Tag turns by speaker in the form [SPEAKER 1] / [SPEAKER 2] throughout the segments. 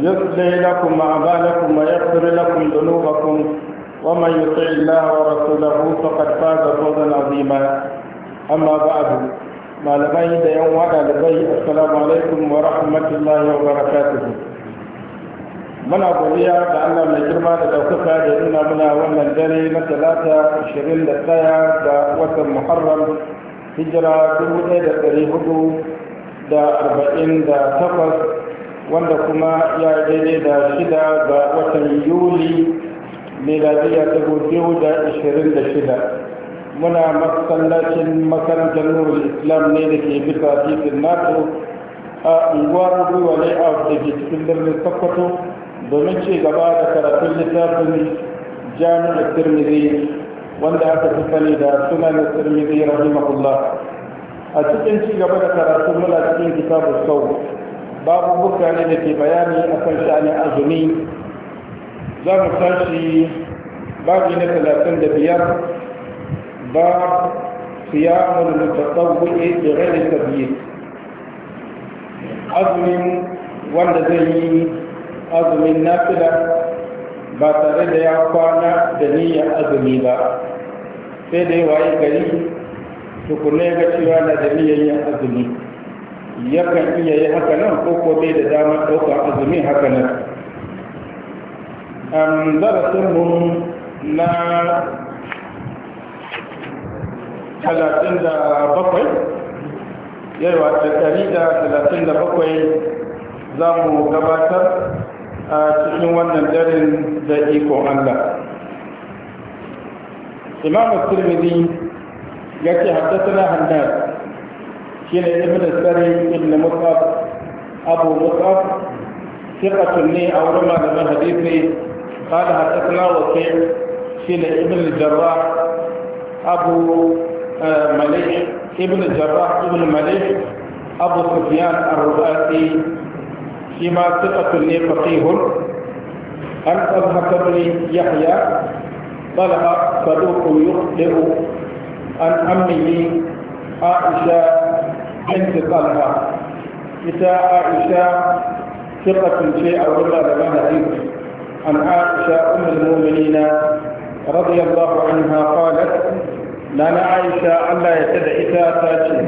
[SPEAKER 1] يصلي لكم أعمالكم ويغفر لكم ذنوبكم ومن يطع الله ورسوله فقد فاز فوزا عظيما أما بعد ما لمي يوم وعد لبي السلام عليكم ورحمة الله وبركاته من أبويا بأن من جرما لتوقفها لأننا منا ومن دري من ثلاثة عشرين لسايا دا وسم محرم هجرة كل دا تريهدو دا أربعين دا تقص wanda kuma ya daidai da shida ga watan yuli miladiya dubu biyu da ashirin da shida muna masallacin makarantar nurul islam ne da ke bisa titin nato a unguwar gwiwa a da ke cikin birnin sokoto domin ci gaba da karatun littafin jami'ar tirmidhi wanda aka fi sani da sunan tirmidhi rahimahullah a cikin ci gaba da karatu muna cikin kitabu sau babu buka ne da ke bayani a kan sha'anin azumi za mu tashi babu na talatin da biyar ba siyamun mutatsawwi da rage biye azumin wanda zai yi azumin nafila ba tare da ya kwana da niyyar azumi ba sai da yawa yi gari tukune ga cewa na da niyyar azumi yakan iya yi haka nan ko ko bai da damar ɗaukar azumi haka nan an mu na talatin da bakwai yawa da da talatin da bakwai za mu gabatar a cikin wannan darin da iko allah imam turmidi ya ce haddasa na hannar شيء يفيد السري ابن مصعب أبو مصعب ثقة لي أو رمى لما حديثني قال حدثنا وكيع شيل ابن الجراح أبو آه، مليح ابن الجراح ابن مليح أبو سفيان الرؤاسي فيما ثقة لي فقيه أن أضحك بن يحيى طلق صدوق يخبر عن أمه عائشة بنت طلحة نساء عائشة ثقة شيء ولا لما حديث عن عائشة أم المؤمنين رضي الله عنها قالت لنا عائشة ألا يتدع إذا تاتي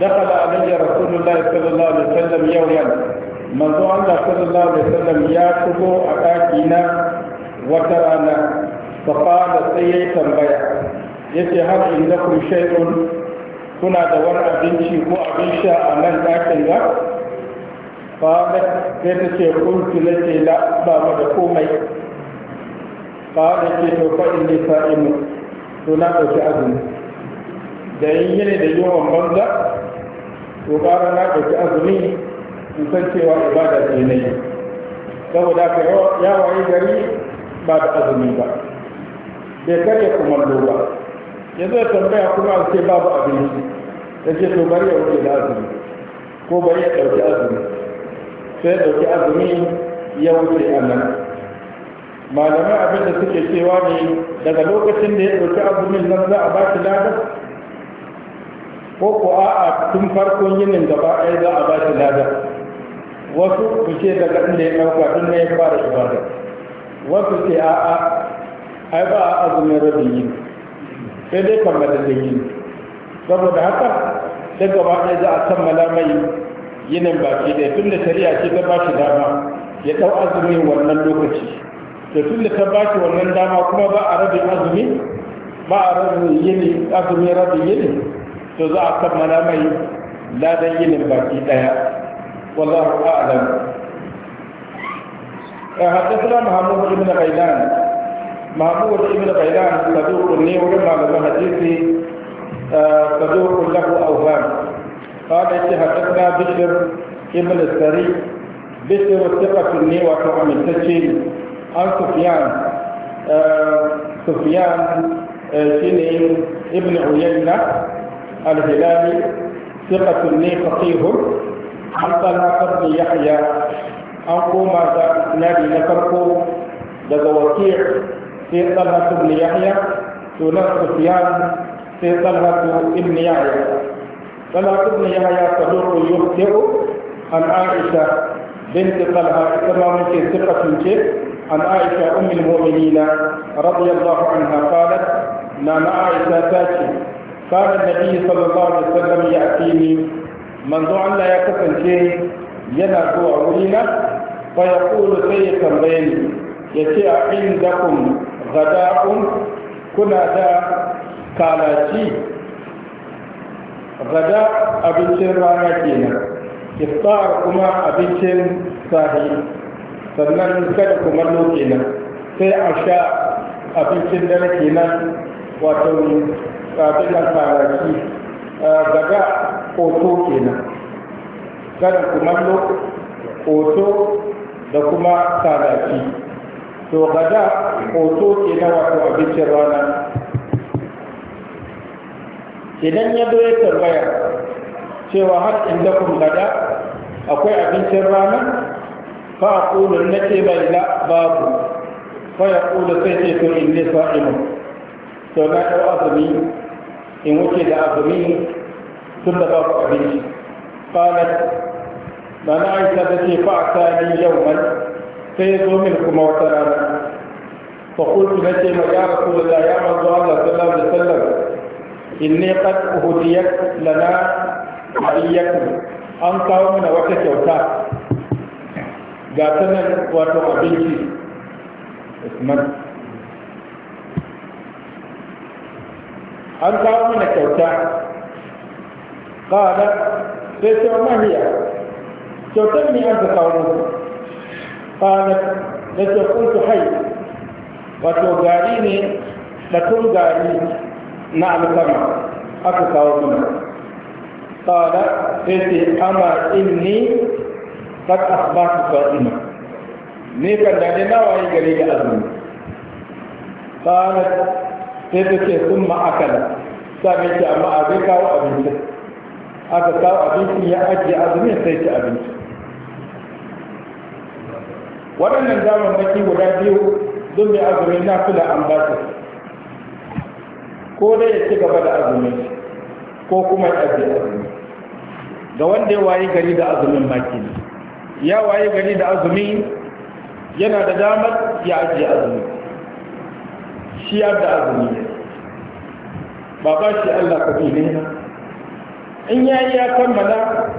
[SPEAKER 1] دخل علي رسول الله صلى الله عليه وسلم يوما منذ الله صلى الله عليه وسلم ياكل أكاكينا وترانا فقال سيئة البيع يتي هل عندكم شيء kuna da wani abinci ko abin sha a nan ɗakin ga fa'adar sai ta ce kuntu na ce la ba da komai da ce to in ne sa'imu to na ɗauki azumi da yin yini da yawan banza to ƙara na ɗauki azumi in san cewa ibada ce na yi saboda ka yi gari ba da azumi ba bai karya kuma ba yanzu ya tambaya kuma a ce babu abinci ya ce to bari ya wuce da azumi ko bari ya ɗauki azumi sai ya ɗauki azumi ya wuce a nan malamai abin da suke cewa ne daga lokacin da ya ɗauki azumin nan za a ba shi ladar ko ko a'a tun farkon yinin gaba ɗaya za a ba shi wasu su ce daga inda ya ɗauka tun ne ya fara ibada wasu ce a'a ai ba a azumin rabin yini sai dai kammala da yi saboda haka sai gaba ɗaya za a san malamai yinin baki ɗaya tun da shari'a ce ta bashi dama ya ɗau azumi wannan lokaci to tun da ta bashi wannan dama kuma ba a rabin azumi ba a rabin yini azumi rabin yini to za a san malamai ladan yinin baki ɗaya wallahu a'lam حدثنا محمد بن غيلان محمود من غيلان صدوق لي ما لما حديث آه، صدوق له اوهام قال حدثنا بشر ابن السري بشر ثقة لي من التشين عن سفيان آه، سفيان آه، شين ابن عيينة الهلالي ثقة لي فقيه عن طلاق بن يحيى عن قومة da sinadi na في طلحة بن يحيى سنة سفيان في طلحة ابن يحيى طلحة بن يحيى صدوق يخطئ عن عائشة بنت طلحة كما ممكن ثقة عن عائشة أم المؤمنين رضي الله عنها قالت نعم عائشة تاتي كان النبي صلى الله عليه وسلم يأتيني منذ أن لا يكفن شيء ينادو عولينا فيقول سيد بيني يتي عندكم gada'un kuna da kalaci gada abincin rana kenan iftar kuma abincin sahi sannan kada kumallo kenan sai a sha abincin dare kenan wato abin da kalaci gada koto kenan kada kumallo koto da kuma kalaci to gada hoto ke na wato abincin rana idan ya zo ya tambaya cewa har inda kun gada akwai abincin rana fa a ƙulun na ce bai la babu fa ya ƙulu sai ce to in ne sa'imu to na ɗau azumi in wuce da azumi tun da babu abinci قالت mana aisha ta ce fa a yau man sai ya zo min kuma wata rana fa qultu nace ma ya rasulullah ya manzo Allah sallallahu alaihi wasallam inni qad lana an kawo mana wata kyauta ga sanan wato abinci Usman an kawo mana kyauta qala sai ta mahiya kyautar ne an kawo qalat nace kuntu hay wato gari ne batun gari na alkama aka kawo mana qala sai ce amma inni qad asbahtu sa'ima ne kan da na yi gari da azumi qalat sai ta ce sun ma'akala sa mai ce amma a zai kawo abinci aka kawo abinci ya ajiye azumin sai ci abinci waɗannan zaman baki guda biyu don mai azumi na fila an ba su ko dai ya ci gaba da azumi, ko kuma ya ajiye azumi ga wanda ya wayi gari da azumin baki ne ya wayi gari da azumi yana da damar ya ajiye azumi shi ya da azumi ne ba ba shi Allah ka ne in ya yi ya kammala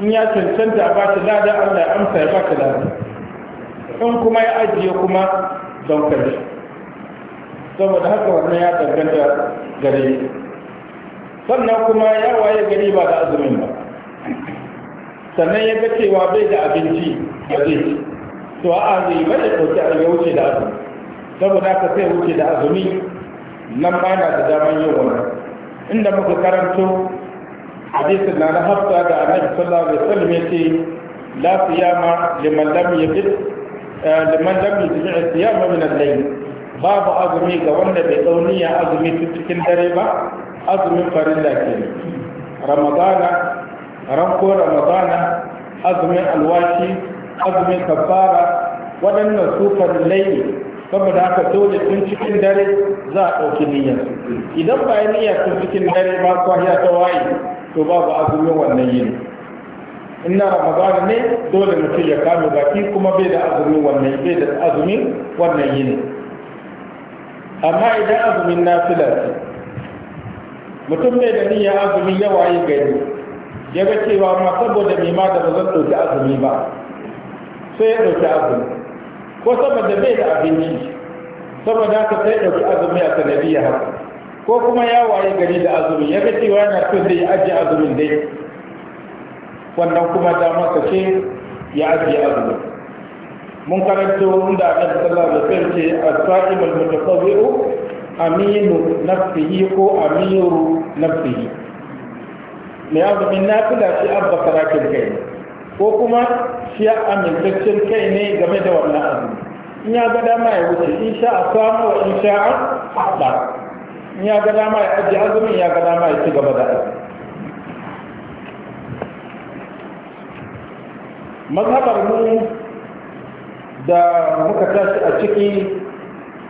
[SPEAKER 1] in ya cancanta ba shi lada Allah ya amsa ya ba shi lada in kuma ya ajiye kuma daukar shi saboda haka wannan ya danganta gare sannan kuma ya waye gari ba da azumin ba sannan ya ga cewa bai da abinci da zai ci to a zai bai da ɗauki a ya wuce da azumi saboda haka sai wuce da azumi nan ba na da daman yin wannan inda muka karanto hadisin na na hafsa da annabi sallallahu alaihi wasallam ya ce la siyama liman lam yajid liman lam yutbi siyama min al babu azumi ga wanda bai tsauniya azumi cikin dare ba azumin farilla ke. ramadana ranko ramadana azumin alwashi azumin kafara waɗannan su farillai saboda haka dole tun cikin dare za a ɗauki niyyar idan ba niyya tun cikin dare ba kwahiya ta waye to babu azumin wannan yini in na ramadan ne dole mutum ya kame baki kuma bai da azumin wannan bai da azumi wannan yini amma idan azumin na ce mutum bai da niyya azumin yawa yi gari ya ga cewa ma saboda mai ma da ba zan ɗauki azumi ba sai ya ɗauki azumi ko saboda bai da abinci saboda haka sai ɗauki azumi a sanadiyya. haka ko kuma ya waye gari da azumi ya ga cewa yana son zai ajiye azumin dai wannan kuma masa ce ya ajiye ne mun karanto inda annabi sallallahu alaihi wasallam ce as-sa'im al-mutasawwi'u aminu nafsihi ko amiru nafsihi mai azumin nafila shi abba sarakin kai ne ko kuma shi amintaccen kai ne game da wannan abu in ya ga dama ya wuce in sha a samu wa in sha a haɗa in ya ga dama ya ajiye azumin ya ga dama ya ci gaba da azumi mazhabar mu da muka tashi a ciki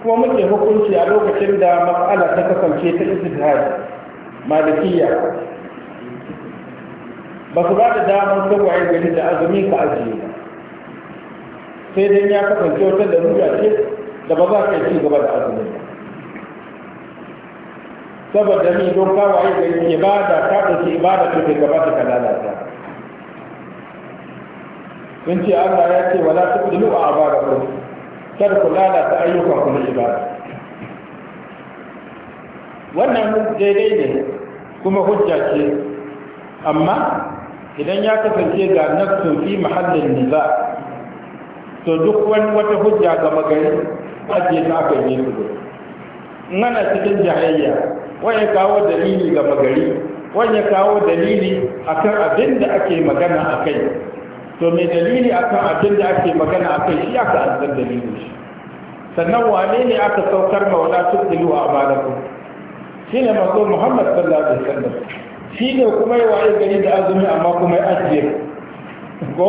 [SPEAKER 1] kuma muke hukunci a lokacin da mas'ala ta kasance ta istihadi malikiya ba su ba da damar sabuwaye gani da azumi ka ajiye sai dai ya kasance wata da nuna ce da ba za ka yi gaba da azumi ba saboda ni don kawaye gani ibada ta ɗauki ibada ta gaba ta kalala lalata. mun ce Allah ya ce wala ta tubdilu a'malakum kada ku lalata ayyukan ku na ibada wannan daidai ne kuma hujja ce amma idan ya kasance ga nafsun fi mahallin niza to duk wani wata hujja ga magari ajiye ta aka yi su ngana cikin jahayya wani kawo dalili ga magari wani kawo dalili akan abin da ake magana a kai to mai dalili akan abin da ake magana akai shi aka azzar dalilin shi sannan wane ne aka saukar maula tuddilu a balakum shi ne mazo muhammad sallallahu alaihi wasallam shi ne kuma yi waye gari da azumi amma kuma ya ajiye ko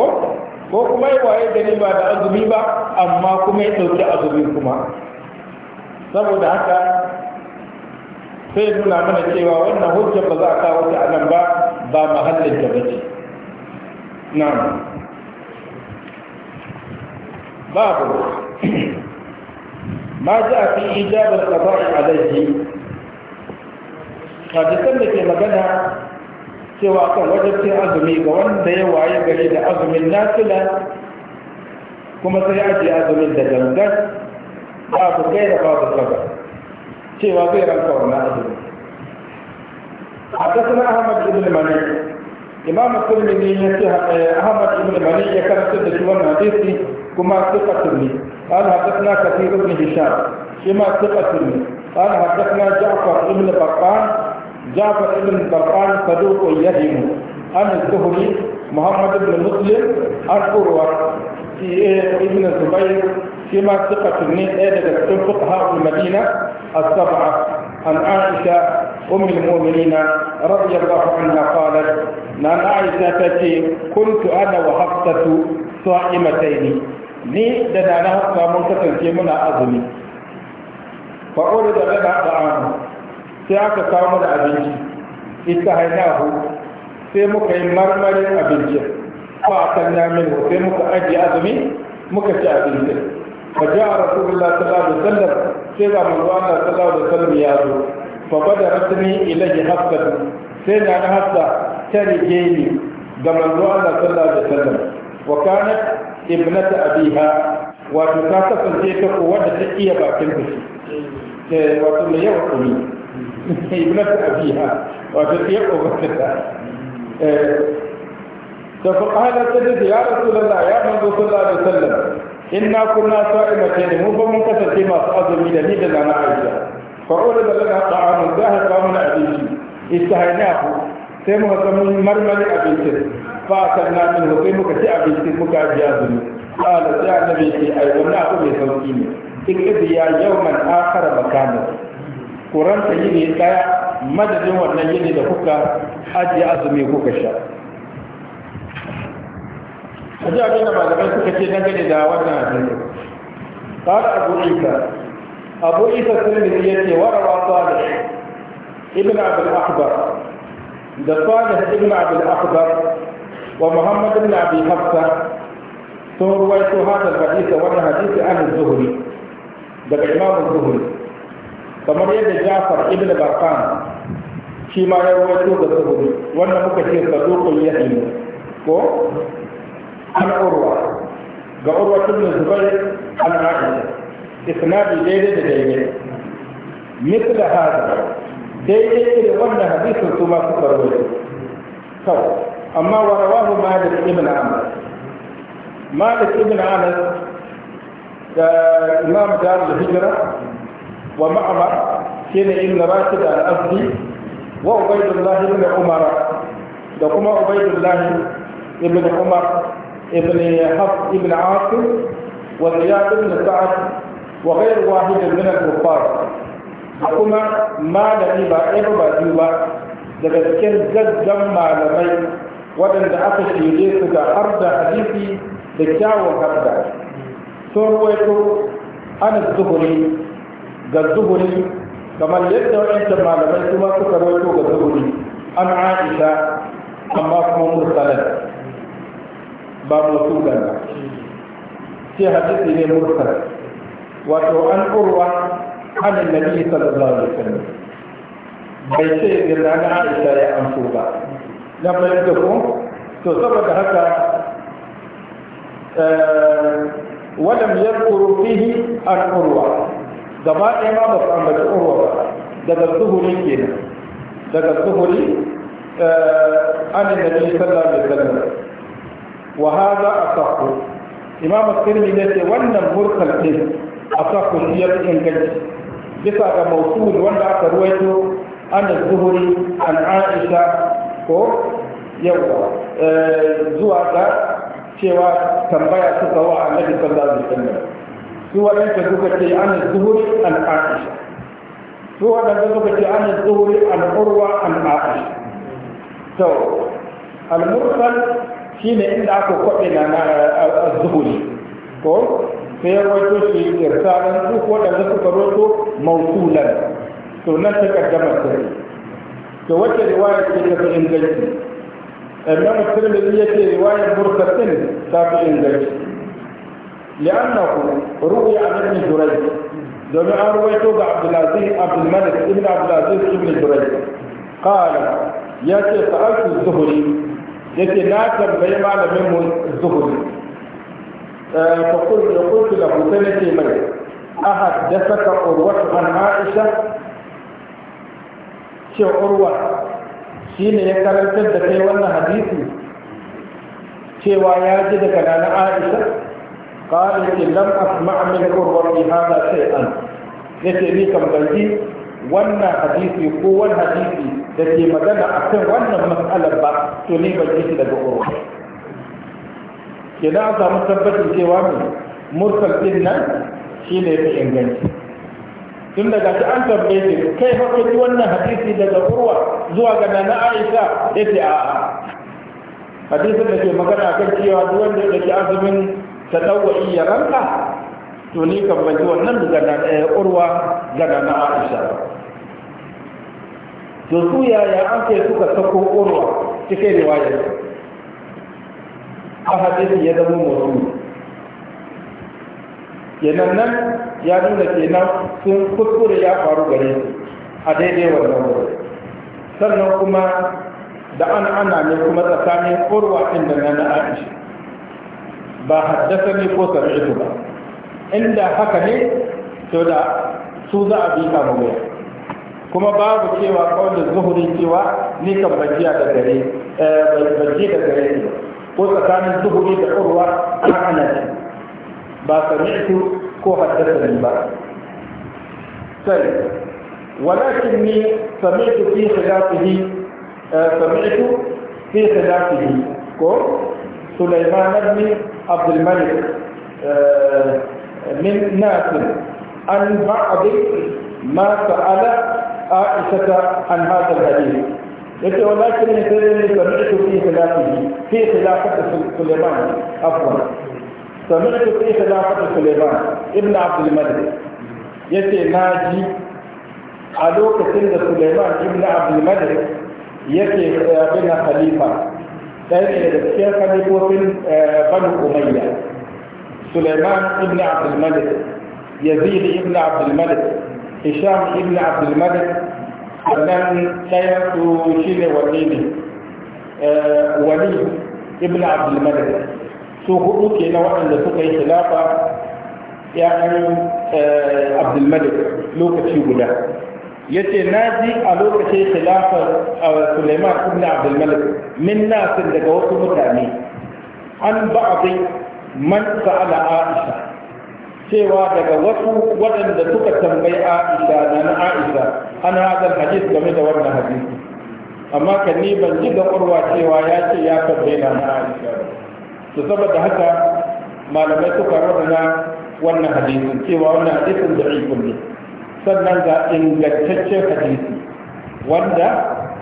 [SPEAKER 1] ko kuma yi waye gari ba da azumi ba amma kuma ya ɗauki azumi kuma saboda haka sai nuna mana cewa wannan hujjar ba za a kawo ta nan ba ba mahallin ta bace na'am babu ma ji a fi ijabar ƙaba'i a laifi da ke magana cewa kan wajabcin azumi ga wanda ya waye gari da azumin nafila kuma sai ajiye azumin da gangan babu gaira babu saba cewa zai ranka wannan azumi حدثنا أحمد بن مني إمام الترمذي أحمد بن مني يكرر سنة شوان حديثي كما ثقة لي قال حدثنا كثير بن هشام كما ثقة لي قال حدثنا جعفر بن برقان جعفر بن برقان صدوق يهم عن الزهري محمد بن مسلم عن قروة إيه ابن الزبير كما ثقة من أدب فقهاء المدينة السبعة عن عائشة أم المؤمنين رضي الله عنها قالت عن نعم عائشة كنت أنا وحفصة صائمتين ni da nana hafsa mun kasance muna azumi fa ore da da an sai aka samu da abinci ita hu. sai muka yi marmarin abinci fa kan na min sai muka ajiye azumi muka ci abinci fa ja rasulullah sallallahu alaihi wasallam sai ga manzo Allah sallallahu alaihi wasallam ya zo fa bada rasmi ilayhi hafsa sai na hafsa ta rige ni ga manzo Allah sallallahu alaihi wasallam wa kanat ابنة أبيها وتساسة تلك قوة تحقية باكل بشي إيه، وتقول يا ابنة أبيها وتحقية قوة كتا تفقها لتجد يا رسول الله يا من صلى الله عليه وسلم إنا كنا صائمتين مو فمنكسر ما سأظل من دليل لنا عائشة فأولد لنا طعام الزاهر قامنا أبيشي استهيناه sai muka ga mun marmari ba a san na min sai muka ci abincin muka biya a qala sai annabi a ai wannan abu mai sauki ne ikidi ya yau yawman akhar makana kuranta yini daya madadin wannan yini da kuka ajiye azumi kuka sha kaji abin da malamai suka ce dangane da wannan hadisi قال أبو sun yi عيسى الترمذي يأتي wasu صالح ابن عبد الأخبر da salih ibn al akhdar wa muhammad ibn abi hafsa sun ruwaito hada hadisi wannan hadisi an zuhri daga imam zuhri kamar yadda jafar ibn barkan shi ma ya ruwaito da zuhri wannan muka ce saduqul yahim ko an urwa ga urwa ibn zubair al aisha isnadi daidai da daidai mithla hada daidai irin wannan hadisin su ma suka rawaito kawai amma wa rawahu malik ibn anas malik ibn anas da imam dar al-hijra wa ma'mar shine ibn rashid al-azdi wa ubaydullah ibn umar da kuma ubaydullah ibn umar ibn hafs ibn asim wa ziyad ibn sa'ad وغير واحد من الكفار a kuma malami ba ɗaya ba biyu ba daga cikin gaggan malamai waɗanda aka shirye su ga har da hadisi da kyawun har da sun ruwaito an zuhuri ga zuhuri kamar yadda wa'ancan malamai kuma suka ruwaito ga zuhuri an aisha amma kuma mursalin ba mutu gana sai hadisi ne mursalin wato an urwa عن النبي صلى الله عليه وسلم بيتي لنا عائشة يا أنفوبا لما يدكم تصبت هكا آه، ولم يذكروا فيه الأروى عروة دبا إما بس عن دبا الظهري كينا دبا الظهري آه، عن النبي صلى الله عليه وسلم وهذا أصح إمام الترمذي يقول وأن مرسل أصح سيئة إنجلتي bisa ga mausul wanda aka ruwaito an zuhuri an aisha ko yawa zuwa ga cewa tambaya suka wa annabi sallallahu alaihi wasallam su wadanda suka ce an zuhuri an aisha su wadanda suka ce an zuhuri an urwa an aisha to al-mursal shine inda aka kwabe na zuhuri ko sai ya rawaito shi irsalan duk waɗanda suka rawaito mausulan to nan ta kaddama sirri to wacce riwaya ce ta fi inganci imam tirmidhi yace riwayar burkatin ta fi inganci لأنه روي عن ابن جريج جميع رويته عبد العزيز عبد الملك ابن عبد العزيز ابن جريج قال يأتي سألت الزهري يأتي لا تنبي معلم الزهري فقلت قلت له سنتي من أحدثك عروة عن عائشة شيء عروة شين يكرر في وانا حديثي شيء وياجد دكنا عائشة قال إن لم أسمع من عروة هذا شيئا نتعني كم بلدي وانا حديثي قوة حديثي da ke أكثر a kan wannan تنيب ba to kenan an samu tabbatin cewa ne mursal din nan shi ne fi inganci tun daga shi an tambaye shi kai hakan wannan hadisi daga urwa zuwa ga nana aisha ya ce a'a hadisin da ke magana kan cewa duk wanda yake ke azumin ta ɗauwa'i ya ranka to ni kan bai wannan daga nana eh, urwa ga nana aisha to su yaya an kai suka sako urwa cikin riwayar a hadisi ya zama mutum kenan nan ya nuna kenan sun kuskure ya faru gare su a daidai wannan wurin sannan kuma da an ana ne kuma tsakanin korwa inda na na aisha ba haddasa ne ko sami'tu ba inda haka ne to da su za a bi kama wuya kuma babu cewa kawai da zuhurin cewa ni kan bajiya da gare eh, bajiya da gare ne وسكان الزهر بحروة معنى با سمعت كوها تسلم با طيب. ولكني سمعت في خلافه آه، سمعت في خلافه كو سليمان بن عبد الملك آه، من ناس عن بعض ما سأل عائشة عن هذا الحديث لكن ولكن الذي سمعت في خلافه في خلافة سليمان عفوا سمعت في خلافة سليمان ابن عبد الملك يتي ناجي علوك سند سليمان ابن عبد الملك يتي بنا خليفة كيف يكون آه، بنو أمية سليمان ابن عبد الملك يزيد ابن عبد الملك هشام ابن عبد الملك فلن سيكون شيل وليدي آه، وليد ابن عبد الملك سو هؤلاء الذين سكوا يعني آه، عبد الملك لوك تيبولا يتي نادي ألوك تي خلافة آه، سليمان ابن عبد الملك من ناس اللي جوتوا مكاني عن بعض من سأل عائشة cewa daga wasu waɗanda suka tambayi Aisha na na Aisha ana hadar hadis game da wannan hadis amma kan ni ban ji ga ƙwarwa cewa ya ce ya tambayi na na Aisha to saboda haka malamai suka na wannan hadis cewa wannan hadisin da ne sannan ga ingantaccen hadisi wanda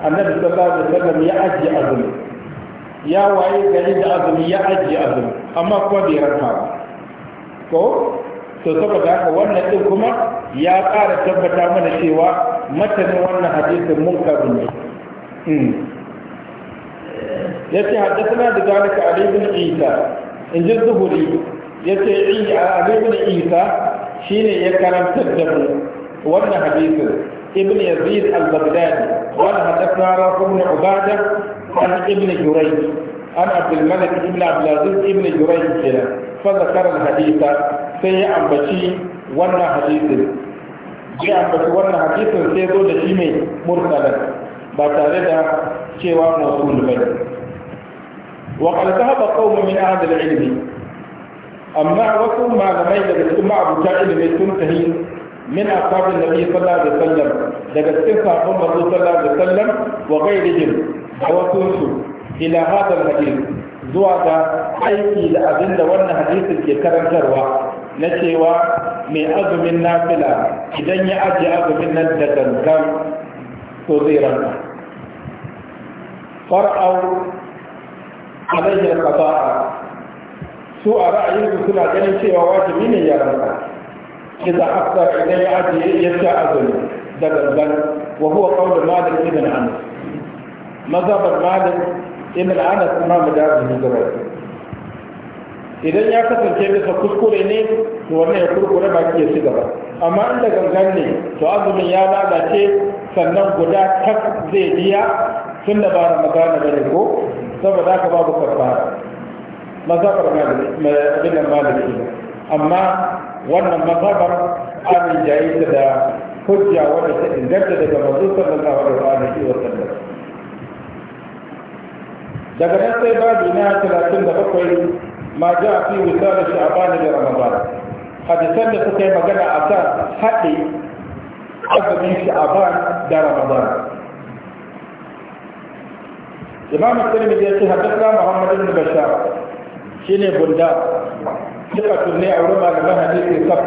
[SPEAKER 1] annabi sallallahu alaihi wasallam ya ajiye azumi ya waye gari da azumi ya ajiye azumi amma kuma bai raka ko to saboda haka wannan din kuma ya ƙara tabbata mana cewa matanin wannan hadisin munkarin ne hmm. ya ce haddasa da zalika ali bin isa in ji zuhuri ya ce ali bin isa shine ya karantar da mu wannan hadisin Al-Baghdadi, البغدادي قال حدثنا رافع بن عباده عن ابن جريج عن عبد الملك بن Ibn العزيز ابن جريج كده فذكر الحديث sai ya ambaci wannan hadisin ya ambaci wannan hadisin sai zo da shi mai mursalin ba tare da cewa masu ba wa qad haɓa qaumun min ahli al amma wasu malamai daga cikin ma'abuta ilimi sun tahi min ashabin nabi sallallahu alaihi wasallam daga cikin sahabban manzo sallallahu alaihi wasallam wa ghairihim da wasu su ila hadal hadith zuwa ga aiki da abinda wannan hadisin ke karantarwa na cewa mai azumin nafila idan ya ajiye azumin nan da gangan to zai ranka far'au alayyar kaza'a su a ra'ayinsu suna ganin cewa wajibi ne ya ranka idan afsar idan ya ajiye ya sha azumi da gangan wa huwa qawlu malik ibn anas mazhabar malik ibn anas imam da azumi gaba idan ya kasance bisa kuskure ne to wannan ya kurkure baki ya ci gaba amma inda gangan ne to azumin ya lalace sannan guda tak zai biya tun da ba magana da ne ko saboda haka babu kafara mazhabar abin da maliki amma wannan mazhabar an jayi da hujja wanda ta inganta daga manzo sallallahu alaihi wa sallam daga nan sai babu na 37 ما جاء في وسالة شعبان لرمضان قد سلت كيما قال أساس حقي أفضل من شعبان لرمضان إمام السلم الذي حدثنا محمد بن بشار شيني بندا ثقة من علماء المهدي في صف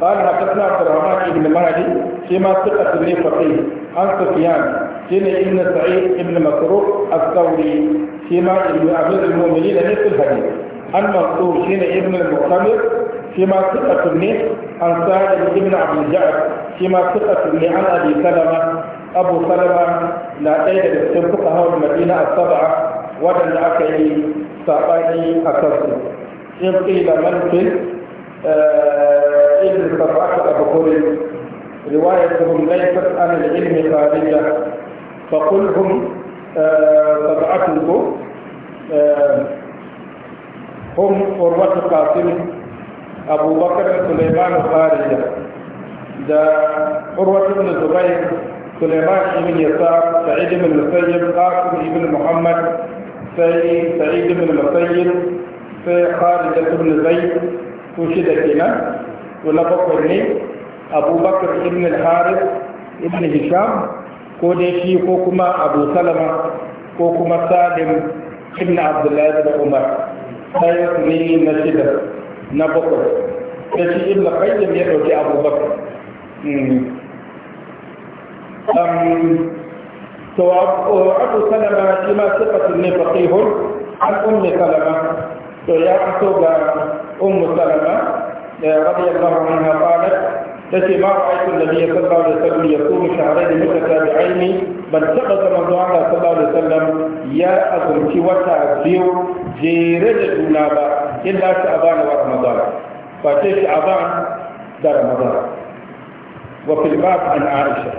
[SPEAKER 1] قال حدثنا عبد الرحمن بن المهدي فيما ثقة من فقيه عن سفيان شيني ابن سعيد ابن مسروق الثوري فيما ابن أمير المؤمنين مثل الحديث المنصور حين ابن المعتمر فيما ثقة منه عن سالم بن عبد الجعد فيما ثقة منه عن أبي سلمة أبو سلمة لا أيد بسن فقهاء المدينة السبعة ولا أكي ساقاني أكثر إن قيل من في ابن آه، سبعة أبخر روايتهم ليست عن العلم خارجة فقل هم آه، سبعة هم قربة قاسم أبو بكر سليمان خارجة دا قربة بن زبير سليمان بن يسار سعيد بن المسيب قاسم بن محمد سعيد بن المسيب خارجة بن زيد توشد هنا ولبقوا أبو بكر بن الحارث بن هشام ko dai shi ko kuma abu salama ko kuma salim ibn abdullahi da umar la yasni na shida na bakwai da shi ibn qayyim ya dauki abubakar hmm. to abu salama shi ma sifatun ne faqihun an ummi salama to ya fito ga ummu salama eh, radiyallahu anha qalat تشي ما رأيت النبي صلى الله عليه وسلم يصوم شهرين متتابعين بل تقص من الله صلى الله عليه وسلم يا أزم في وتا بيو جيرد جنابا إلا شعبان ورمضان فاتي شعبان دا رمضان وفي الباب عن عائشة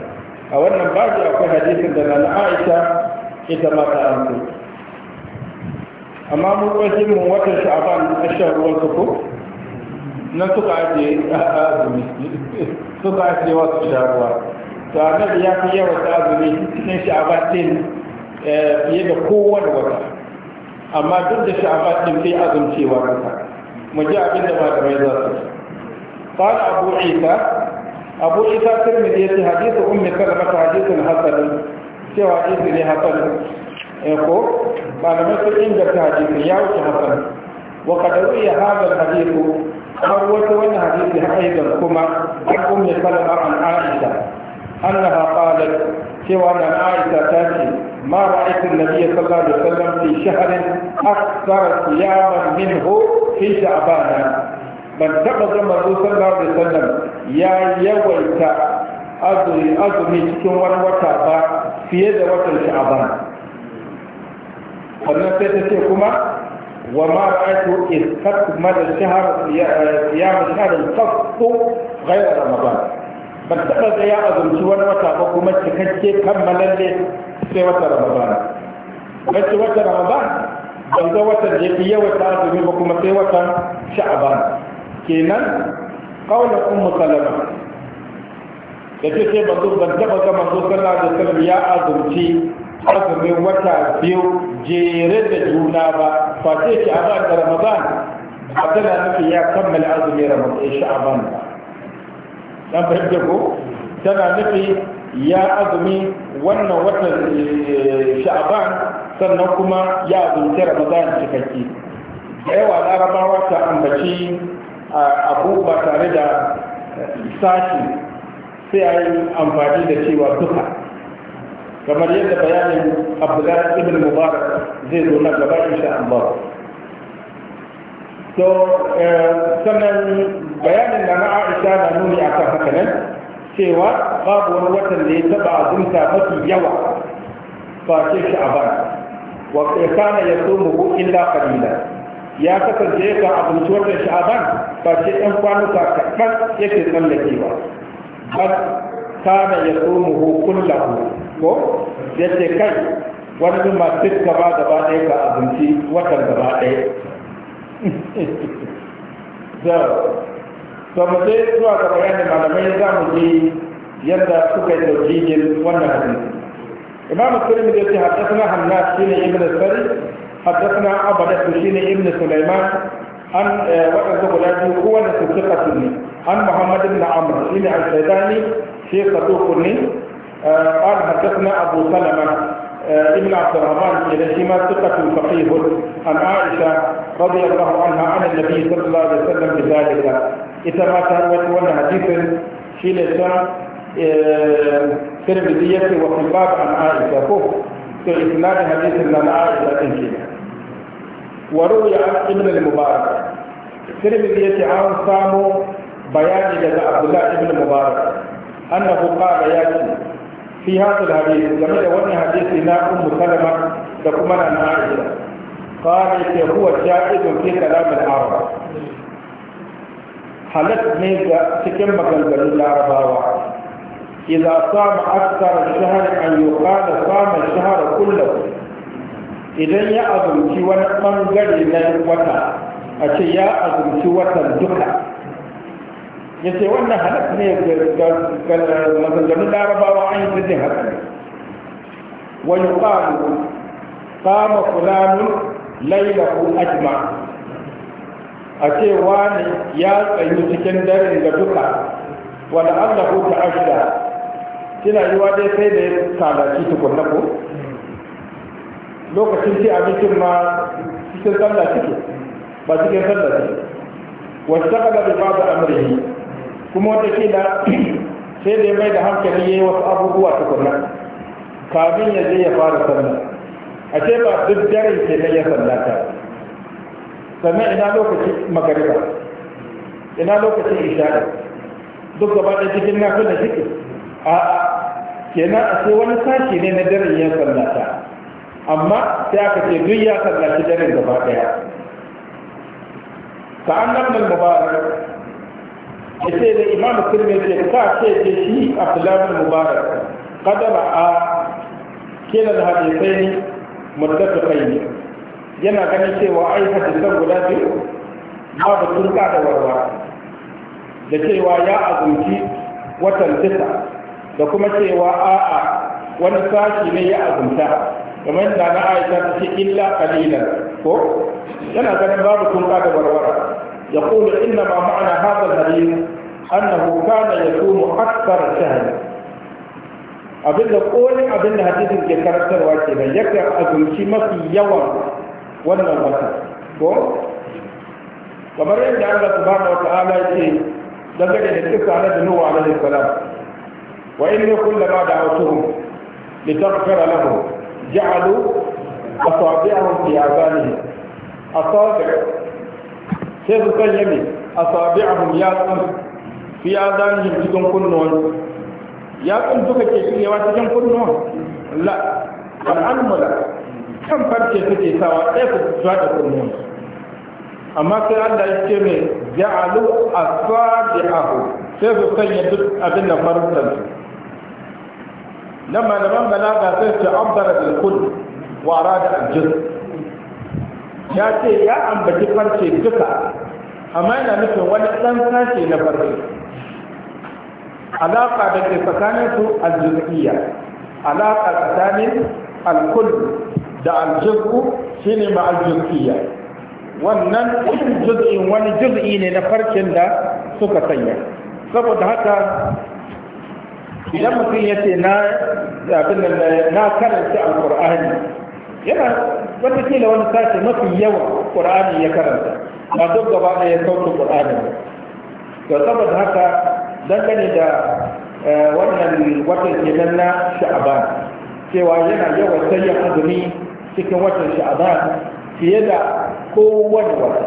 [SPEAKER 1] أولا بعد أقول حديث عن عائشة إذا ما تعلمت أمام وجه من وقت شعبان الشهر والكفر na suka ajiye azumi suka wasu sharuwa to nan ya fi yawan azumi na sha'abatin eh, fiye da kowane wata amma duk da sha'abatin fi azumcewa kasa mu ji abin da malamai za su قال أبو عيسى أبو عيسى الترمذي حديث أم na حديث حسن سوى حديث حسن ko malamai sun inganta hadisin ya wuce hasan wa qad ruwiya hadha har wata wani hadisi har aidan kuma an ummi salama an aisha annaha qalat cewa nan aisha ta ce ma ra'aytu nabiyyi sallallahu alaihi wasallam fi shahrin akthar siyaman ho fi sha'ban ban taɓa zama zo Sallar da Sallar ya yawaita azumi azumi cikin wani wata ba fiye da watan sha'ban wannan sai ta ce kuma وما رأيته إذ مدى الشهر صيام الشهر الفصل غير رمضان بل تبقى يا أظن شو أنا وتابعكم مشككتي كم ملل في وتر رمضان بس وتر رمضان بل ده وتر جيبية وتابعكم منكم في وتر شعبان كينا قول أم سلمة da ce sai manzo ban taba ga manzo sallallahu alaihi wasallam ya azumci azumin wata biyu jere da juna ba fa sai ki a da ramadan ba tana nufi ya kammala azumin ramadan ban ba dan fahimta ko tana nufi ya azumi wannan watan eh, sha'aban sannan kuma ya azumci ramadan cikakke da yawa larabawa ta ambaci abu ba tare da eh, sashi sai a yi amfani da cewa duka kamar yadda bayanin abdullahi ibn mubarak zai zo na gaba insha Allah to eh, sannan bayanin da na Aisha na nuni a haka nan cewa babu wani watan da ya taba azumta mafi yawa face sha'ban wa kana yasumuhu illa qalila ya kasance ka abinci watan ba face ɗan kwanuka kaɗan yake tsallakewa kana ya tsumuhu kullahu ko yace kai wani zuma duk gaba gaba ɗaya ka abinci watan gaba ɗaya da to mu sai zuwa ga bayanin malamai za mu ji yadda suka yi tauhidin wannan hadisi imam muslim da yake haddathana hannas shine ibn sari haddathana abada shine ibn sulaiman an eh, waɗanda guda biyu kowanne su suka sunni an muhammad ibn amr shine al-shaydani شيخ صدوق آه، قال حدثنا أبو سلمة آه، ابن عبد الرحمن إليهما ثقة فقيه عن عائشة رضي الله عنها عن النبي صلى الله عليه وسلم بذلك إذا ما تهوت ولا حديث في لسان آه، ترمذية وفي الباب عن عائشة فوق في إسناد حديث عن عائشة تنجي وروي عن ابن المبارك ترمذية عام سامو بيان لدى عبد الله ابن المبارك أنه قال ياتي في هذا الحديث لما يولي حديث لا أم سلمة تكمل عن عائشة قالت هو جائز في كلام العرب حلت ميزة تكمل البلد العرباوة إذا صام أكثر الشهر أن يقال صام الشهر كله إذا يا أظلم في ونقم قلنا وتا أشياء أظلم في وتا ya ce wannan halatta ne ga maganganun larabawa an yi sirrin haka ne wani ƙalu kama fulanun lailahu ajma a ce wani ya tsayu cikin dare da duka wani allahu ta ashida kina yi wa dai sai da ya kalaci na ko lokacin ce abincin ma cikin sallah cikin ba cikin sallah ciki wasu ta kada da ba da amurhi kuma da sai da ya mai da hankali ya yi wasu abubuwa tukuna kamin ya je ya fara sannan a ce ba duk dare ke nan ya sallata sannan ina lokacin magariba ina lokacin isha'i duk gaba da cikin na kuna shi a kenan a sai wani sashi ne na dare ya sallata amma sai aka ce duk ya sallaci daren gaba daya ta nan nan gaba ese ce da imamu tirmidhi ka ce ce shi bin mubarak qadara a kenan hadisi muttafiqaini yana ganin cewa ai hadisan guda biyu babu turka da warwa da cewa ya azumci watan tisa da kuma cewa a'a wani sashi ne ya azumta kamar da na aisha ta ce illa qalilan ko yana ganin babu turka da warwara يقول إنما معنى هذا الحديث أنه كان يصوم أكثر شهر abin da kolin abin da hadisin ke karantarwa ke nan yakan azumci mafi yawan wannan wata ko kamar yadda Allah subhanahu wa ta'ala yake dangane da kisa na da Nuhu alaihi salam wa inni kullama da'awtuhum litaghfira lahum ja'alu asabi'ahum fi azanihim asabi' sai su sanya mai a sabi ya tsun su ya zanihin cikin kunnuwan ya tsun duka ke shigewa cikin kunnuwan la an al'almula kan farce suke sawa ɗaya su zuwa da kunnuwan amma sai allah ya ce mai ja'alu a sabi ahu sai su sanya duk abin da farcensu nan malaman balaga sai su abdara da kudu wa arada al-jins ya ce ya ambaci farce duka amma yana nufin wani ɗan sashe na farce alaƙa da ke tsakanin su alaƙa tsakanin alkul da shi shine ma aljuz'iyya wannan juz'in wani juz'i ne na farcen da suka sanya saboda haka idan mutum ya ce na karanta alkur'ani yana wata kila wani sashi mafi yawa ƙur'ani ya karanta ba duk gaba ɗaya ya sauke ƙur'ani ba to saboda haka dangane da eh, wannan watan kenan na sha'aban cewa yana yawan sayan azumi cikin watan sha'aban fiye da kowane wata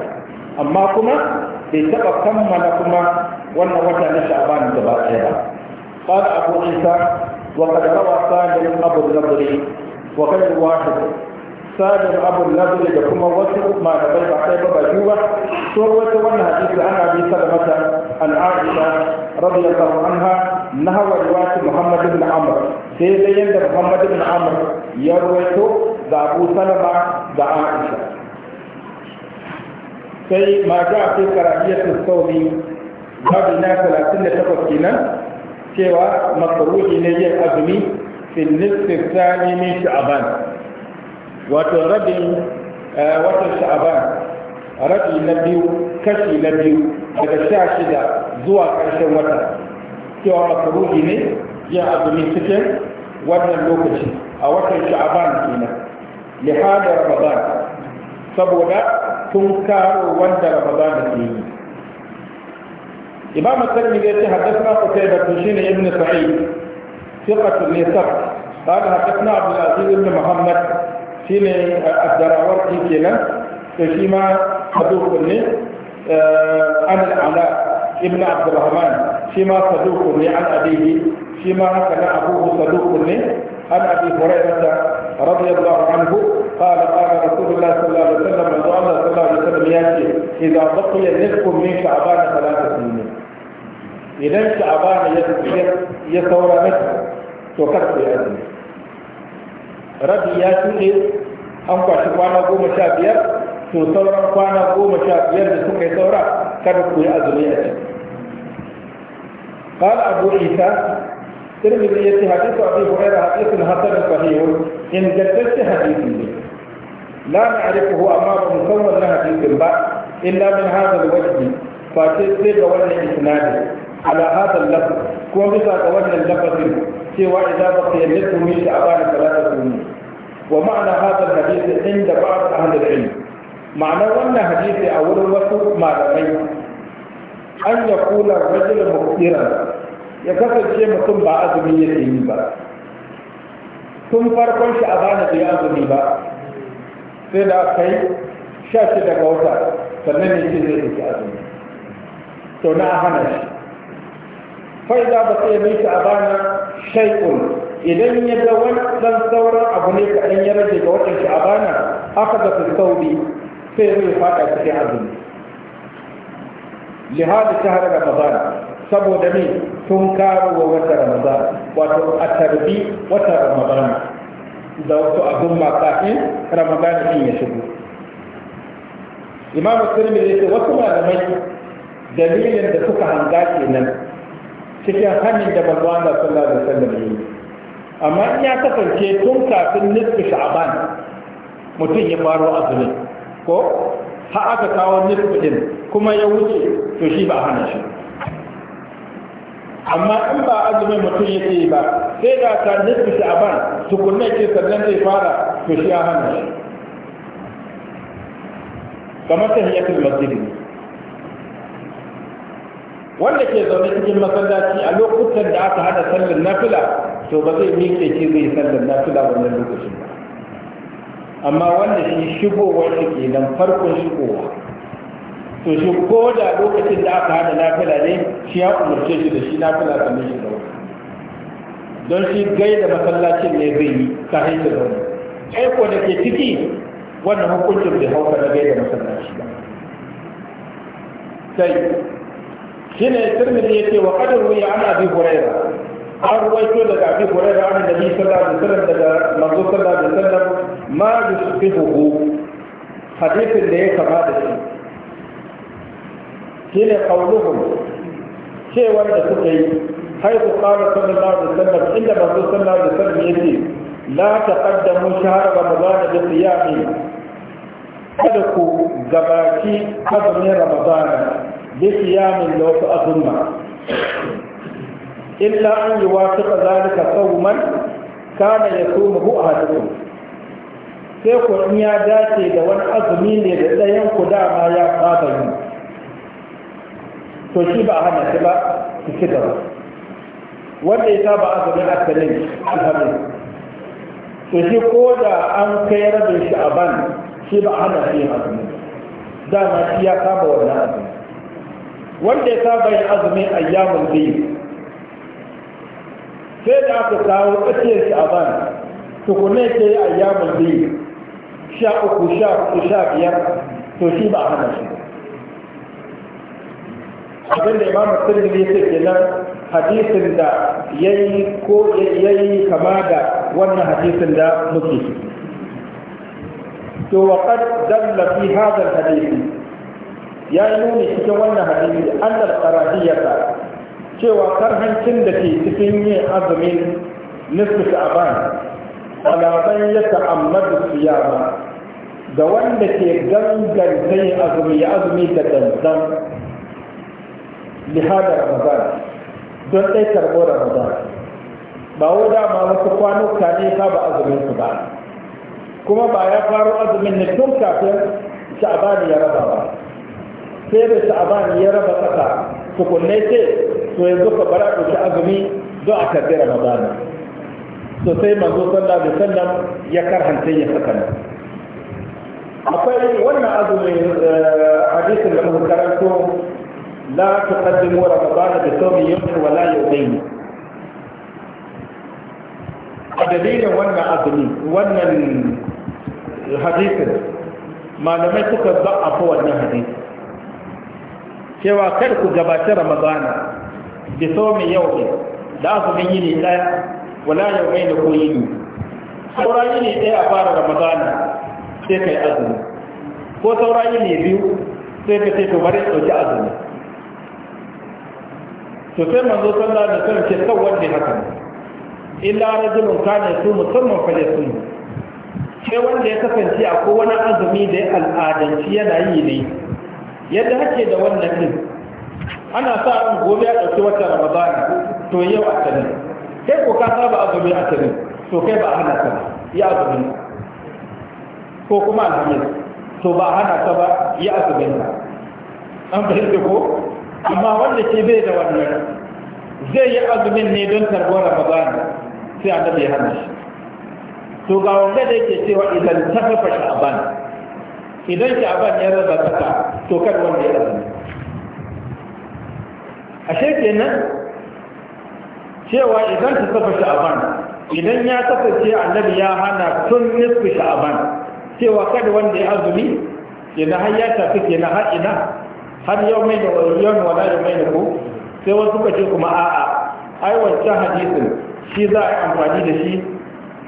[SPEAKER 1] amma kuma bai taɓa kammala kuma wannan wata na sha'aban gaba ɗaya ba قال أبو عيسى وقد روى سالم أبو النضر وغير واحد sabin abu lafiya da kuma wasu malamai ba sai ba shi ba to wata wannan hadisi ana bi salamata an aisha radiyallahu anha hawa riwayat muhammad ibn amr sai dai yanda muhammad ibn amr ya rawaito da abu salama da aisha sai ma ga fi karahiyatu sauri babu na 38 kenan cewa makaruhi ne yin azumi fil nisfi thani min sha'ban wato rabin eh, watan sha'aban rabi na biyu kashi na biyu daga sha shida zuwa ƙarshen wata cewa makaruhi ne yin azumi cikin wannan lokaci a watan sha'aban kenan lihada ramadan saboda tun karo wanda ramadan ke yi imam al-tirmidhi yace hadathna qutayba bin shine ibn sa'id ثقة لثقة قال حدثنا da العزيز da Muhammad. shi ne addarawar ki kenan to shi ma sadukun ne eh, an al'ala ibn abdurrahman shi ma sadukun ne an abihi shi ma haka na abubu sadukun ne an abi hurairata رضي الله عنه قال قال رسول الله صلى الله عليه وسلم رضي الله صلى الله عليه وسلم ياتي اذا بقي نصف من شعبان ثلاث سنين idan sha'abana ya ya saura mata to kar rabi ya tuɗe an kwashi kwana goma sha biyar to sauran kwana goma sha biyar da suka yi saura kada ku yi azumi a ciki قال أبو عيسى ترمذي حديث أبي هريرة حديث حسن صحيح إن جددت حديث لا نعرفه أمام مصور لها حديث بعد إلا من هذا الوجه فاتت سيد ولا إسناده ala hada lafi ko bisa ga wannan lafazin cewa idan ba ka yadda ku da a bani salata ku ne wa ma'ana hada hadisi inda ba ta hada ilmi ma'ana wannan hadisi a wurin wasu malamai an ya kula rajulun mukira ya kasance mutum ba azumi ya yi ba tun farkon shi a da bai azumi ba sai da kai sha shi daga wata sannan ne ce zai azumi to na hana shi faida ba sai mai ta abana shay'un idan ya ga wannan sauran abu ne kaɗan ya rage ga watan sha'abana aka ga su saudi sai zai fada cikin azumi lihada shahar ramadan saboda ne tun karo wa wata ramadan wato a tarbi wata ramadan da wasu abun makafin ramadan din ya shigo imamu Musulmi ne ce wasu malamai dalilin da suka hanga kenan cikin hannun da manzo Allah sallallahu alaihi wasallam yi amma in ya kasance tun kafin nisfi sha'ban mutum ya faro azumi ko har aka kawo nisfi din kuma ya wuce to shi ba hana shi amma in ba azumi mutum ya ce ba sai da ta nisfi sha'ban tukunna ke sannan zai fara to shi ya hana shi kamar tahiyatul masjid ne wanda ke zaune cikin masallaci a lokutan da aka hada sallar nafila to ba zai miƙe shi zai sallar nafila wannan lokacin ba amma wanda shi shigowar shi ke nan farkon shigowa to shi ko da lokacin da aka hada nafila ne shi ya umarce shi da shi nafila sannan shi zaune don shi gai da masallacin ne zai yi sahin da zaune aiko da ke ciki wannan hukuncin bai hauka na gai da masallaci ba sai shine tirmidhi yake wa qad ruwiya an abi hurairah an ruwaito daga abi hurayra an nabi sallallahu alaihi wasallam daga manzo sallallahu alaihi wasallam ma yusbihu hadithin da ya kama da shi shine qawluhum cewar da suka yi حيث قال صلى الله عليه وسلم إلا ما صلى الله عليه وسلم يقول لا kada ku gabaci azumin ramadana bisiyamin da wasu azumma illa an yi wasu zalika sauman kana ya so mu a sai ku ya dace da wani azumi ne da ya saba to shi ba a hana shi ba wanda ya saba azumin asalin alhamdulillah to shi ko da an kai rabin shi a ban shi ba a hana shi yin dama shi ya saba wannan azumi wanda ya saba yin azumin ayyamin biyu sai da aka kawo tsakiyar shi a ban tukunai ke yi ayyamin biyu sha uku sha uku sha biyar to shi ba hana shi abin da imamu sirri ya ce nan hadisin da ya yi ko ya yi kama da wannan hadisin da muke to wa qad dalla fi hadar hadisi. ya yi nuni cikin wannan hadisi annal karahiyata cewa karhancin da ke cikin yin azumin nisfu sha'ban alaban ya ta'ammadu siyama da wanda ke ganganta yin azumi ya azumi da dandan lihada ramadan don ɗai karɓo ramadan ba wai dama wasu kwanuka ne ka ba azumin su ba kuma ba ya faro azumin ne tun kafin sha'ban ya raba ba sai da sha'aban ya raba kasa tukunne ce to yanzu ka bara ɗauki azumi don a karɓi ramadana to sai manzo sallallahu alaihi wasallam ya karhanta ya saka nan akwai wannan azumin hadisin da muka karanto la tuqaddimu ramadana bi sawmi yawmin wa la yawmayn a dalilin wannan azumi wannan hadisin malamai suka za'afa wannan hadisin cewa kar ku gabatar ramadana bi somi yau da yi ne ɗaya wala yau mai da ko ne saura ne ɗaya a fara ramadana sai kai azumi ko saura ne biyu sai ka ce to bari ɗauki azumi to sai manzo sallallahu alaihi wasallam ce kan wanda haka illa rajulun kana su musamman fa sun sai wanda ya kasance a wani azumi da ya al'adanci yana yi ne yadda hake da wannan din ana sa ran gobe a ɗauki wata ramadan to yau a tanin kai ko ka saba azumi a tanin to kai ba hana ka ya azumin ko kuma alhamis to ba hana ka ba ya azumin ka an fahimta ko amma wanda ke bai da wannan zai yi azumin ne don tarbo ramadan sai annabi ya hana shi to ga wanda da yake cewa idan tafafa sha'ban idan sha'aban ya raba saka to kar wanda ya azumi ashe kenan cewa idan ta tafa sha'aban idan ya ce annabi ya hana tun nisfi sha'aban cewa kada wanda ya azumi na har ya tafi na har ina har yau mai da yau wala yau mai da ku sai wasu ka ce kuma a'a ai wancan hadisin shi za a yi amfani da shi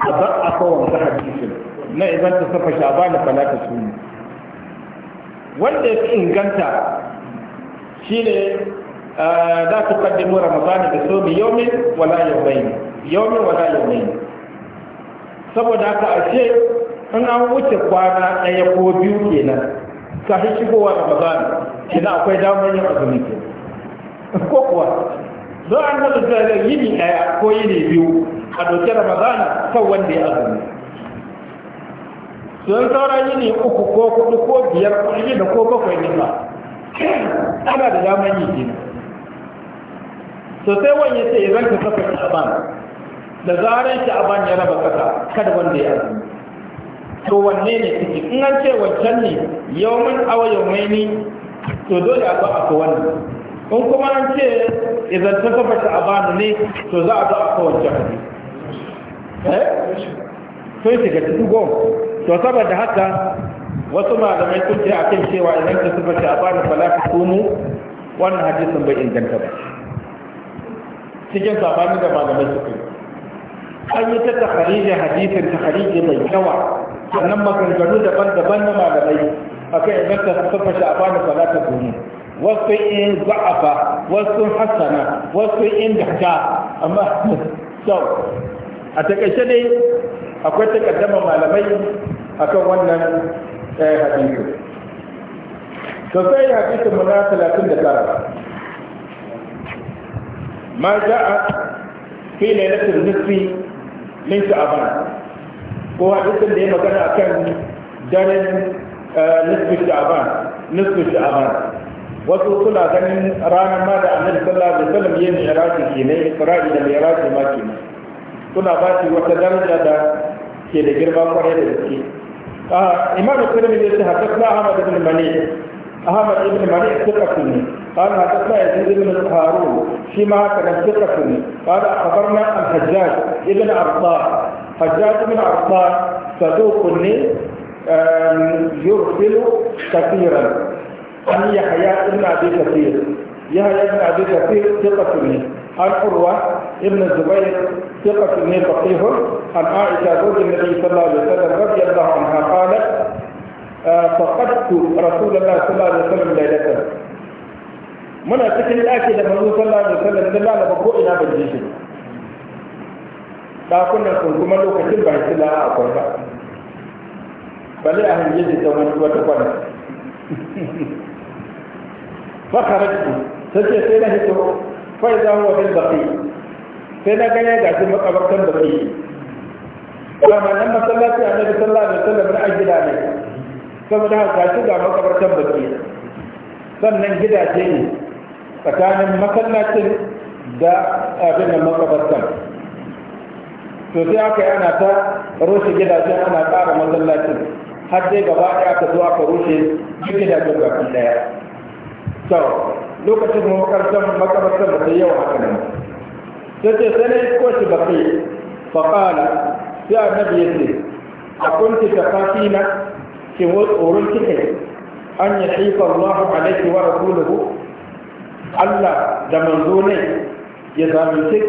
[SPEAKER 1] a ba a kowanne hadisin na idan ta safa shabana fala ta sunu wanda ya fi inganta shi ne uh, za su kaddi mura mazani da so bi yaumin wala yau yaumin wala yaumaini saboda haka ashe in an wuce kwana ɗaya ko biyu kenan wa shigowa ramadana idan akwai damar yin azumi ke ko kuwa don an hada da yini ɗaya ko yini biyu a doke ramadana kan wanda ya azumi don sauran yini uku ko kudu ko biyar ko da ko bakwai ne ba ana da daman yi gina sosai wani ya ce idan ka saka sha'aban da zaran sha'aban ya raba kasa kada wanda ya yi. to wanne ne ciki in an ce wancan ne yawmin awa yawmaini to dole a zo a ko wannan in kuma an ce idan ta saka sha'aban ne to za a zo a ko wancan ne eh sai shiga cikin goma to saboda haka wasu malamai sun ce akan cewa idan ka sufa ta bani fala ta wannan hadisin bai inganta ba cikin sabani da malamai suka yi an yi ta takharijin hadisin takhariji mai yawa sannan maganganu daban-daban na malamai akan idan ka sufa ta bani fala ta kunu? wasu in za'afa wasu hasana wasu in daka amma so a takaice dai akwai takaddama malamai akan wannan eh, hadisi to sai hadisi mu na 39 ma ja'a fi lailatul nisfi min sha'ban ko hadisin da ya magana akan daren eh, nisfi sha'ban nisfi sha'ban wasu suna ganin ranar ma da annabi sallallahu alaihi wasallam yin iraki ke ne isra'i da iraki ma ke suna ba shi wata daraja da ke da girma kwarai da gaske آه، إمام الترمذي يقول حدثنا أحمد بن منيع أحمد بن منيع ثقة قال حدثنا يزيد بن هارون فيما كان ثقة قال أخبرنا الحجاج بن أرطاء حجاج بن أرطاء صدوق يرسل كثيرا عن يحيى بن أبي كثير يحيى بن أبي كثير ثقة عن عروة ابن الزبير ثقة منه فقيه عن عائشة زوج النبي صلى الله عليه وسلم رضي الله عنها قالت آه، فقدت رسول الله صلى الله عليه وسلم ليلة من أتكلم الأكيد لما رسول صلى الله عليه وسلم إن الله لبقوا إلى بجيش لا كنا نقول كما لو كتب بها سلاء أقولها فلي أهل يجي تومن وتقوانا فخرجت سجي سيلا هتو Kawai za huwa fil baqi sai na gane ga su makabartan baqi kuma nan masallaci annabi sallallahu alaihi wasallam na gida ne saboda haka su ga makabartan baqi sannan gidaje ne tsakanin masallacin da abin da makabartan to sai aka yi ana ta rushe gidajen ana ƙara masallacin har dai gaba ɗaya aka zo aka rushe duk gidajen gaba ɗaya to lokacin makarantar makarantar da ta yawa haka nan sai ce sai na isko shi ba kai faƙala sai annabi ya ce a kunti ta fafi na ke tsoron kike an ya haifa Allah alaihi wa rasuluhu Allah da manzo ne ya zalunce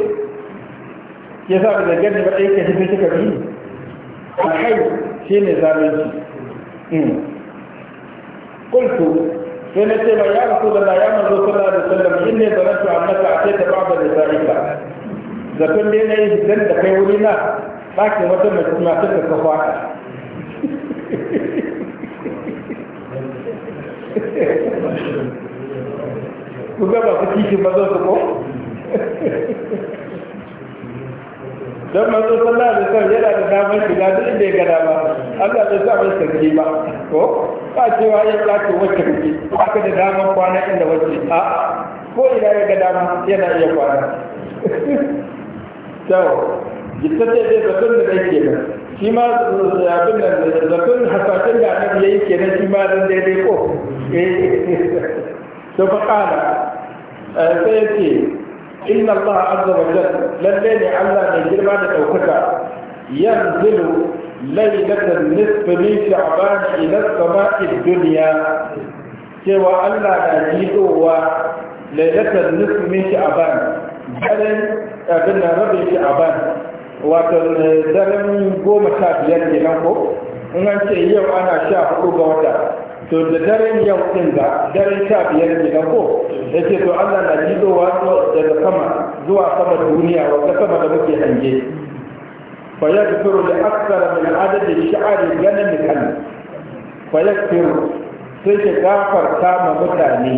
[SPEAKER 1] ya sa da gani ba ɗaya ka hibi kika bi A alhai shi ne zalunci قلت hmm. فين السبع يا رسول الله يا من رسول الله صلى الله عليه وسلم إني ظننت أنك أتيت بعض نسائك إذا كنت لنا يهزن لكيولنا لكن وتم تسمع تلك الصفحة ku gaba ku ci ci ba do ko don manzo sallallahu alaihi wasallam yana da damar shiga duk inda ya ga dama Allah bai sa mai sarki ba ko ba cewa ya tsaka wacce kuke aka da damar kwana inda wacce a ko ina ya ga dama yana iya kwana to jittace dai zaton da nake nan shi ma eh, abin nan eh, zaton hasashen da annabi yayi kenan shi ma dan daidai ko eh to fa kana eh, sai ce inna Allah azza wa jalla lalle ne Allah mai girma da ɗaukaka yanzilu lailatan nisfi min sha'ban ila sama'i dunya cewa Allah na jidowa lailatan nisfi min sha'ban daren abin na rabin sha'ban wato daren goma sha biyar kenan ko in an ce yau ana sha hudu ga wata to da daren yau din ga daren sha biyar ne ko ya ce to allah na jidowa daga sama zuwa sama duniya wata sama da muke hange fa ya fito da aksara min adadin sha'ari ganin kan. fa ya fito sai ke ta ma mutane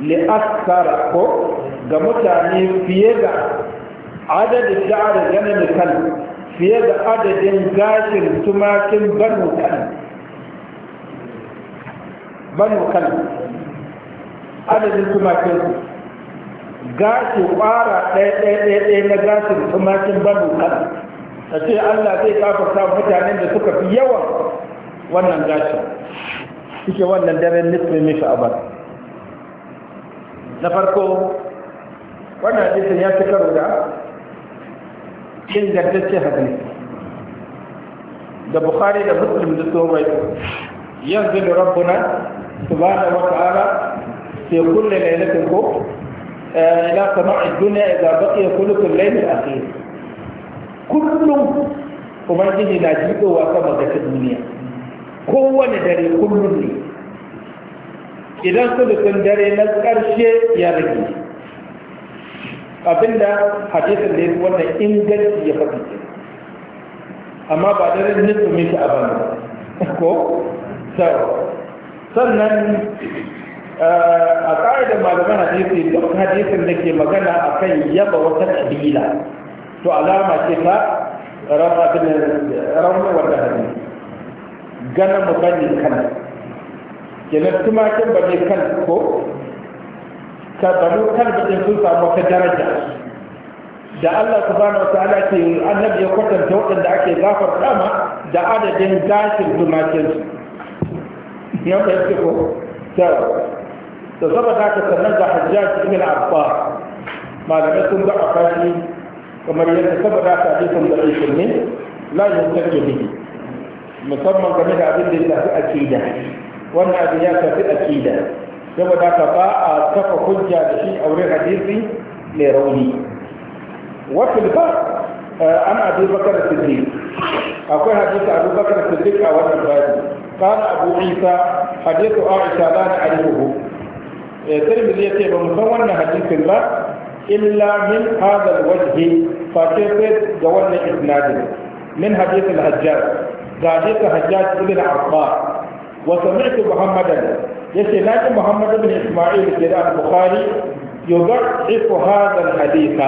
[SPEAKER 1] li aksara ko ga mutane fiye da adadin sha'ari ganin kan, fiye da adadin gashin tumakin banu kan banu kan adadin tumakin su gashi ƙwara ɗaya ɗaya ɗaya na gashin tumakin banu kan ta ce allah zai kafarta mutanen da suka fi yawan wannan gashin suke wannan daren nufin mishi abar na farko wannan hadisin ya fi karo da ce hadisi da bukhari da muslim da tsohon yanzu da rabbuna subhanahu wa ta'ala sai kulle lailatin ko ila sama'i dunya idza baqiya kullu layl akhir kullum ubangiji na jidowa sama ga duniya kowane dare kullum ne idan sulusun dare na ƙarshe ya rage abinda hadisin da ya wannan inganci ya faɗi ke amma ba dare nufin mita a bana ko sau sannan eh, a ƙa'idar malaman hadisi duk hadisin da ke magana a kan yaba wata ƙabila to alama ce ta raunin da hadisi gana mu bane kan kenan tumakin bane kan ko ka banu kan bane sun samu wata daraja da Allah subhanahu wa ta'ala ke annabi ya kwatanta waɗanda ake zafar kama da adadin gashin tumakin su ya fahimci ko ta da ta haka sannan ga hajjaj ibn abbas malamai sun ga afashi kamar yadda saboda haka hadisin da aikin ne la yantaje bihi musamman game da abin da ya shafi akida wannan abin ya shafi akida saboda haka ba a kafa hujja da shi a wurin hadisi mai rauni wakil ba an abubakar siddiq akwai hadisi abubakar siddiq a wannan babu قال أبو عيسى حديث عائشة لا نعرفه الترمذي إيه، يتيب بمسوّن حديث الله إلا من هذا الوجه فكيفت دولنا إسناده من حديث الحجاج حديث الحجاج بن عطاء وسمعت محمدا يتي محمد بن إسماعيل في البخاري يضعف هذا الحديث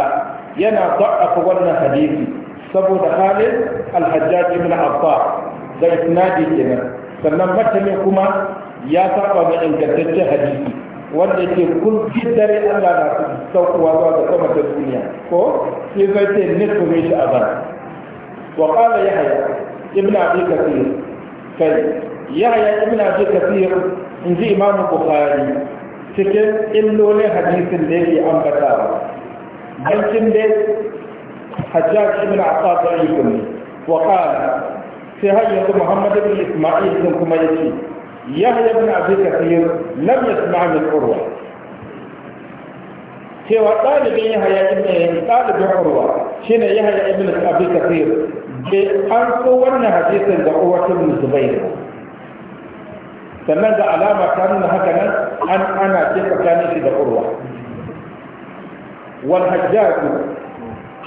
[SPEAKER 1] ينا ضعف ولنا حديث سبو خالد الحجاج بن عطاء ذا إسنادي كذا sannan matanin kuma ya saba da ingantaccen hadisi wanda ke kun dare Allah na saukuwa zuwa ga sama ta duniya ko sai zai ce su mai shi azan wa qala yahya ibn abi kathir kai yahya ibn abi kathir in ji imamu bukhari cikin illolin hadisin da yake ambata bankin dai hajjaj a asad da ikon wa qala في هاي محمد بن إسماعيل بن كمالتي يحيى بن أبي كثير لم يسمع من القروة في وطال بن يحيى بن طالب القروة شين يحيى بن أبي كثير بأن قوة حديث القوة بن زبير فمن ذا علامة كان هكذا أن أنا جئت كان في القروة والحجاج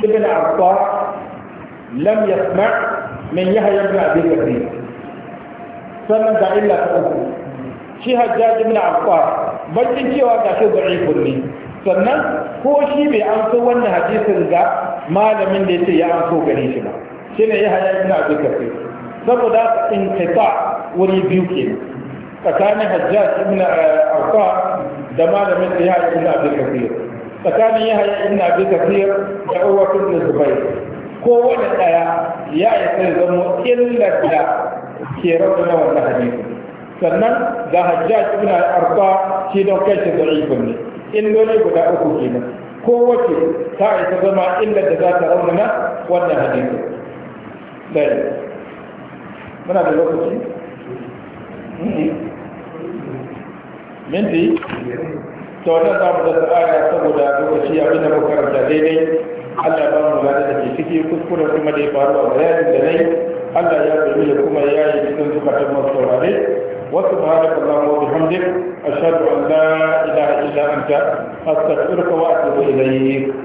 [SPEAKER 1] ابن عطاء لم يسمع من يهي يرجع ذي كريم سنة إلا تأثير شي هجاج من عفار بجن شي واقع شو ضعيف لي سنة هو شي بأنسو وانا حديث الزا ما لم يندي سي أنسو كريشنا شنة يهي يرجع ذي كريم سنة دا انقطاع وريبيوكين فكان هجاج من عفار دما من يندي يهي ابي كثير فكان يهي يرجع ابي كثير دعوة ابن الزبير Ko wani ɗaya ya yi sai zama illar da ke rabu na wannan hadisi sannan ga hajjaj ibn arba shi don kai shi da'ifun ne illoli guda uku kenan wace ta isa zama illar da za ta rabu na wannan hadisi ɗaya muna da lokaci hmm. minti to wannan za mu da saboda lokaci abin da muka daidai Allah ya ba mu gada da ke ciki kuskure kuma da ya faru a bayanin da nai Allah ya bari ya kuma ya yi cikin zukatan masu saurare wasu subhanaka allahumma wa bihamdik ashhadu an la ilaha illa anta astaghfiruka wa atubu ilayk